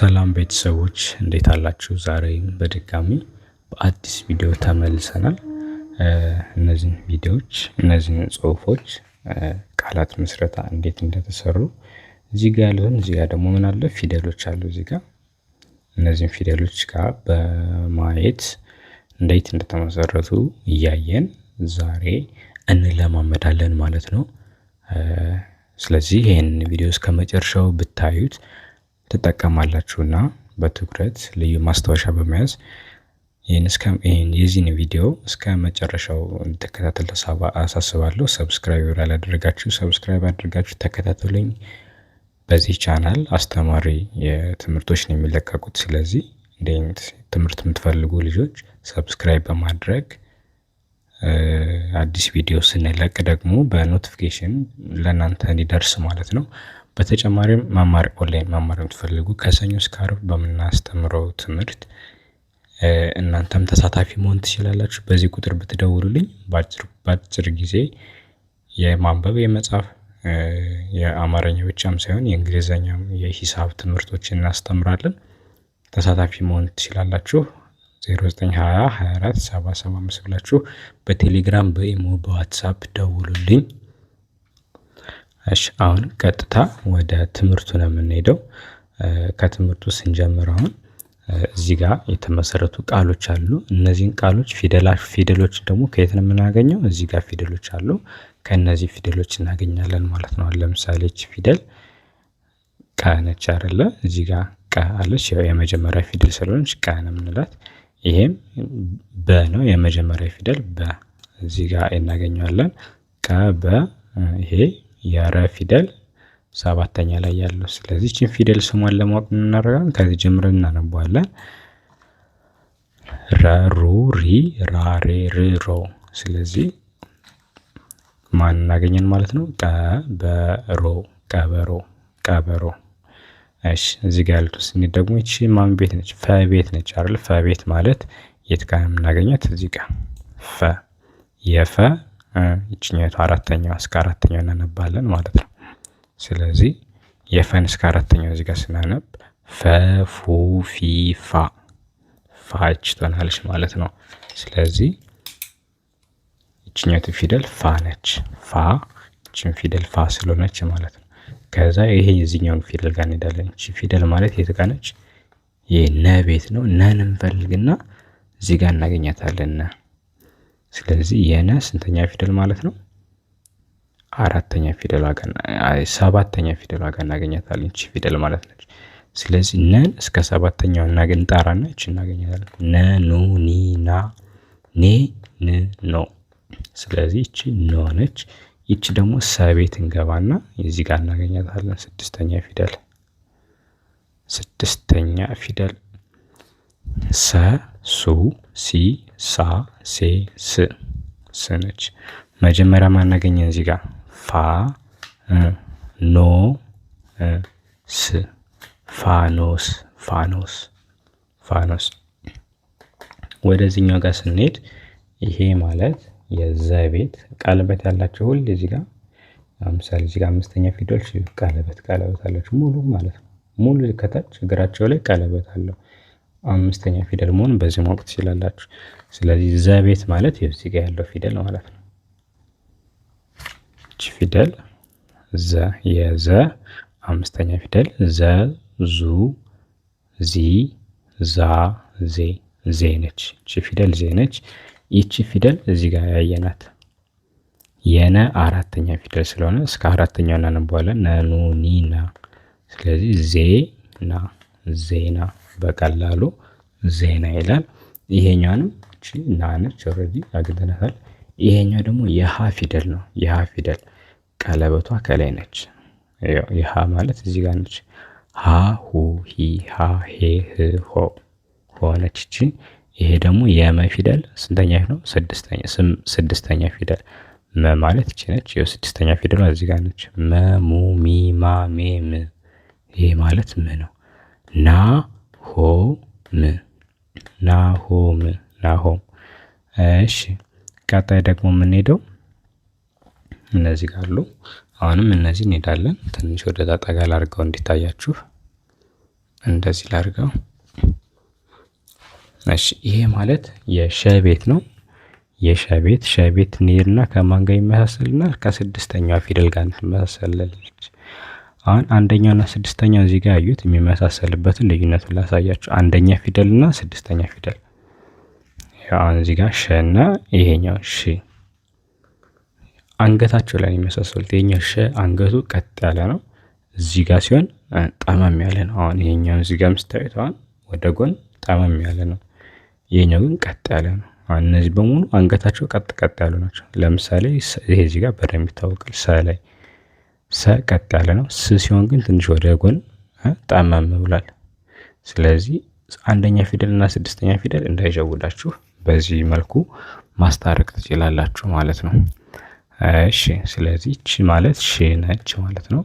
ሰላም ቤተሰቦች እንዴት አላችሁ? ዛሬ በድጋሚ በአዲስ ቪዲዮ ተመልሰናል። እነዚህን ቪዲዮዎች እነዚህን ጽሁፎች ቃላት ምስረታ እንዴት እንደተሰሩ እዚህ ጋ ያለሆን እዚህ ጋ ደግሞ ምን አለ ፊደሎች አሉ እዚህ ጋ እነዚህን ፊደሎች ጋር በማየት እንዴት እንደተመሰረቱ እያየን ዛሬ እንለማመዳለን ማለት ነው። ስለዚህ ይህን ቪዲዮ እስከ መጨረሻው ብታዩት ትጠቀማላችሁና በትኩረት ልዩ ማስታወሻ በመያዝ የዚህን ቪዲዮ እስከ መጨረሻው እንድትከታተል አሳስባለሁ። ሰብስክራይብ ያላደረጋችሁ ሰብስክራይብ አድርጋችሁ ተከታተሉኝ። በዚህ ቻናል አስተማሪ የትምህርቶች ነው የሚለቀቁት። ስለዚህ እንዲህ ትምህርት የምትፈልጉ ልጆች ሰብስክራይብ በማድረግ አዲስ ቪዲዮ ስንለቅ ደግሞ በኖቲፊኬሽን ለእናንተ እንዲደርስ ማለት ነው በተጨማሪም መማር ኦንላይን መማር የምትፈልጉ ከሰኞ እስከ አርብ በምናስተምረው ትምህርት እናንተም ተሳታፊ መሆን ትችላላችሁ። በዚህ ቁጥር ብትደውሉልኝ በአጭር ጊዜ የማንበብ የመጻፍ የአማርኛ ብቻም ሳይሆን የእንግሊዝኛ የሂሳብ ትምህርቶችን እናስተምራለን። ተሳታፊ መሆን ትችላላችሁ። 0920 24 ብላችሁ በቴሌግራም በኢሞ በዋትሳፕ ደውሉልኝ። እሺ አሁን ቀጥታ ወደ ትምህርቱ ነው የምንሄደው። ከትምህርቱ ስንጀምር አሁን እዚህ ጋር የተመሰረቱ ቃሎች አሉ። እነዚህን ቃሎች ፊደሎች ደግሞ ከየት ነው የምናገኘው? እዚህ ጋር ፊደሎች አሉ። ከእነዚህ ፊደሎች እናገኛለን ማለት ነው። ለምሳሌ ፊደል ቀ ነች አይደለ? እዚህ ጋር ቀ አለች። የመጀመሪያ ፊደል ስለሆነች ቀ ነው የምንላት። ይሄም በ ነው የመጀመሪያ ፊደል በ እዚህ ጋር እናገኘዋለን። ቀ በ ይሄ የረ ፊደል ሰባተኛ ላይ ያለው። ስለዚህ ይህችን ፊደል ስሟን ለማወቅ እናደርጋለን። ከዚህ ጀምረን እናነባዋለን። ረ ሩ ሪ ራ ሬ ራሬ ሮ። ስለዚህ ማን እናገኘን ማለት ነው? ቀበሮ ቀበሮ ቀበሮ። እሺ እዚህ ጋር ያሉት ስንሄድ ደግሞ ይቺ ማን ቤት ነች? ፈ ቤት ነች አይደል? ፈ ቤት ማለት የት ጋር የምናገኛት? እዚህ ጋር ፈ የፈ ይችኛቱ አራተኛዋ እስከ አራተኛው እናነባለን ማለት ነው። ስለዚህ የፈን እስከ አራተኛው እዚህ ጋር ስናነብ ፈ ፉ ፊ ፋ ፋ ይች ትሆናለች ማለት ነው። ስለዚህ ይችኛቱ ፊደል ፋ ነች። ፋ ይችን ፊደል ፋ ስለሆነች ማለት ነው። ከዛ ይሄ የዚህኛውን ፊደል ጋር እንሄዳለን። ይቺ ፊደል ማለት የት ጋር ነች? ይህ ነ ቤት ነው። ነን እንፈልግና እዚህ ጋር እናገኛታለን። ስለዚህ የነ ስንተኛ ፊደል ማለት ነው? አራተኛ ፊደል ሰባተኛ ፊደል ዋጋ እናገኛታለን። ይቺ ፊደል ማለት ነች። ስለዚህ ነን እስከ ሰባተኛው እናገኝ ጣራና ይቺ እናገኛታለን። ነ ኑ ኒ ና ኔ ን ኖ። ስለዚህ ይቺ ኖ ነች። ይቺ ደግሞ ሰቤት እንገባና እዚህ ጋር እናገኛታለን። ስድስተኛ ፊደል ስድስተኛ ፊደል ሰ ሱ ሲ ሳ ሴ ስ ስ ነች። መጀመሪያ ማናገኘን እዚህ ጋር ፋ ኖ ስ ፋኖስ ፋኖስ ፋኖስ። ወደዚህኛው ጋር ስንሄድ ይሄ ማለት የዘቤት ቀለበት ያላቸው ሁሌ እዚህ ጋር ለምሳሌ እዚህ ጋር አምስተኛ ፊደል ቀለበት ቀለበት አላቸው ሙሉ ማለት ነው። ሙሉ ከታች እግራቸው ላይ ቀለበት አለው። አምስተኛ ፊደል መሆን በዚህ ማወቅ ትችላላችሁ። ስለዚህ ዘቤት ማለት እዚህ ጋር ያለው ፊደል ማለት ነው። እቺ ፊደል ዘ የዘ አምስተኛ ፊደል ዘ ዙ ዚ ዛ ዜ ዜ ነች። እቺ ፊደል ዜ ነች። ይቺ ፊደል እዚህ ጋር ያየናት የነ አራተኛ ፊደል ስለሆነ እስከ አራተኛው እናነባዋለን። ነኑ ኒና። ስለዚህ ዜ ና ዜና በቀላሉ ዜና ይላል። ይሄኛንም ይሄኛዋንም ናነች ኦልሬዲ አግኝተናታል። ይሄኛው ደግሞ የሀ ፊደል ነው። የሀ ፊደል ቀለበቷ ከላይ ነች። የሀ ማለት እዚህ ጋር ነች። ሀ ሁ ሂ ሀ ሄ ህ ሆ ሆነች እቺ። ይሄ ደግሞ የመ ፊደል ስንተኛ ነው? ስድስተኛ ፊደል መ ማለት እቺ ነች። ይኸው ስድስተኛ ፊደሏ እዚህ ጋር ነች። መ ሙ ሚ ማ ሜ ም ይሄ ማለት ም ነው። ናሆም ናሆም ናሆም። እሺ ቀጣይ ደግሞ የምንሄደው እነዚህ ጋር አሉ። አሁንም እነዚህ እንሄዳለን። ትንሽ ወደ ታጠጋ ላድርገው እንዲታያችሁ እንደዚህ ላድርገው። እሺ ይሄ ማለት የሸ ቤት ነው። የሸ ቤት ሸ ቤት እንሄድና ከማን ጋር ይመሳሰልናል? ከስድስተኛዋ ፊደል ጋር ትመሳሰላለች። አሁን አንደኛና ስድስተኛው እዚህ ጋር ያዩት የሚመሳሰልበትን ልዩነቱን ላሳያችሁ። አንደኛ ፊደል እና ስድስተኛ ፊደል አሁን እዚህ ጋር ሸ እና ይሄኛው ሺ አንገታቸው ላይ የሚመሳሰሉት ይሄኛው ሸ አንገቱ ቀጥ ያለ ነው፣ እዚህ ጋር ሲሆን ጠመም ያለ ነው። አሁን ይሄኛው እዚህ ጋር ምስታዩት አሁን ወደ ጎን ጠመም ያለ ነው፣ ይሄኛው ግን ቀጥ ያለ ነው። አሁን እነዚህ በሙሉ አንገታቸው ቀጥ ቀጥ ያሉ ናቸው። ለምሳሌ ይሄ እዚህ ጋር በደንብ ይታወቃል ሰ ላይ ሰ ቀጥ ያለ ነው። ስ ሲሆን ግን ትንሽ ወደ ጎን ጣመም ብሏል። ስለዚህ አንደኛ ፊደል እና ስድስተኛ ፊደል እንዳይሸውዳችሁ በዚህ መልኩ ማስታረቅ ትችላላችሁ ማለት ነው። እሺ ስለዚህ ች ማለት ሽ ነች ማለት ነው።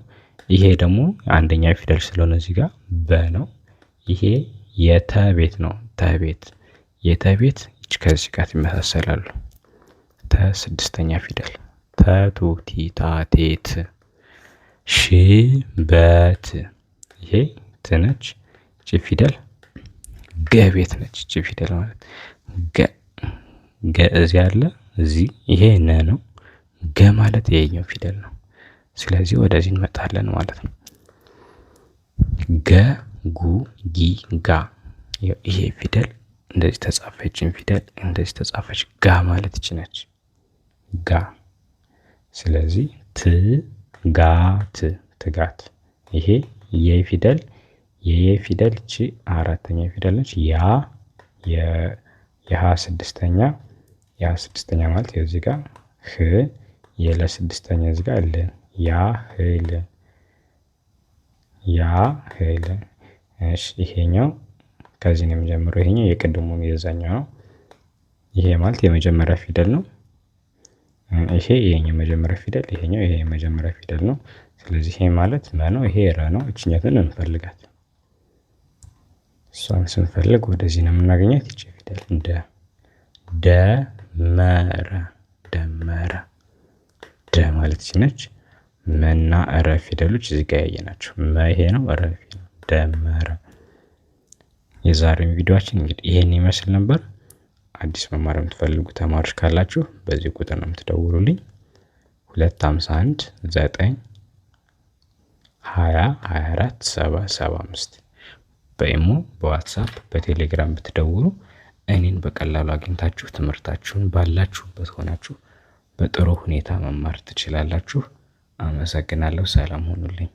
ይሄ ደግሞ አንደኛ ፊደል ስለሆነ እዚህ ጋር በ ነው። ይሄ የተ ቤት ነው። ተቤት ቤት እች ከዚህ ጋር ይመሳሰላሉ። ተ ስድስተኛ ፊደል ተቱ ሽበት ይሄ ትነች ጭ ፊደል ገ ቤት ነች። ጭ ፊደል ማለት ገ ገ እዚህ አለ እዚህ ይሄ ነ ነው። ገ ማለት ይሄኛው ፊደል ነው። ስለዚህ ወደዚህ እንመጣለን ማለት ነው። ገ ጉ ጊ ጋ ይሄ ፊደል እንደዚህ ተጻፈችን ፊደል እንደዚህ ተጻፈች። ጋ ማለት ይች ጋ ስለዚህ ት ጋት ትጋት። ይሄ ፊደል የፊደል ፊደል ቺ አራተኛ ፊደል ነች። ያ የሀ ስድስተኛ ያ ስድስተኛ ማለት የዚህ ጋር ህ የለ ስድስተኛ እዚህ ጋር ል ያ ህል ያ ህል። እሺ ይሄኛው ከዚህ ነው የሚጀምረው። ይሄኛው የቅድሙ የዛኛው ነው። ይሄ ማለት የመጀመሪያ ፊደል ነው። ይሄ ይሄኛው የመጀመሪያ ፊደል ይሄኛው ይሄ የመጀመሪያ ፊደል ነው። ስለዚህ ይሄ ማለት መ ነው። ይሄ ረ ነው። እችኛትን እንፈልጋት። እሷን ስንፈልግ ወደዚህ ነው የምናገኛት። ይቺ ፊደል እንደ ደመረ ደመረ ደ ማለት ይቺ ነች። መና ረ ፊደሎች እዚህ ጋር ያየ ናቸው። መ ይሄ ነው። ረ ደመረ። የዛሬው ቪዲዮአችን እንግዲህ ይሄን ይመስል ነበር። አዲስ መማር የምትፈልጉ ተማሪዎች ካላችሁ በዚህ ቁጥር ነው የምትደውሉልኝ። 251 9 20 24 775 በኢሞ በዋትሳፕ በቴሌግራም ብትደውሉ እኔን በቀላሉ አግኝታችሁ ትምህርታችሁን ባላችሁበት ሆናችሁ በጥሩ ሁኔታ መማር ትችላላችሁ። አመሰግናለሁ። ሰላም ሆኑልኝ።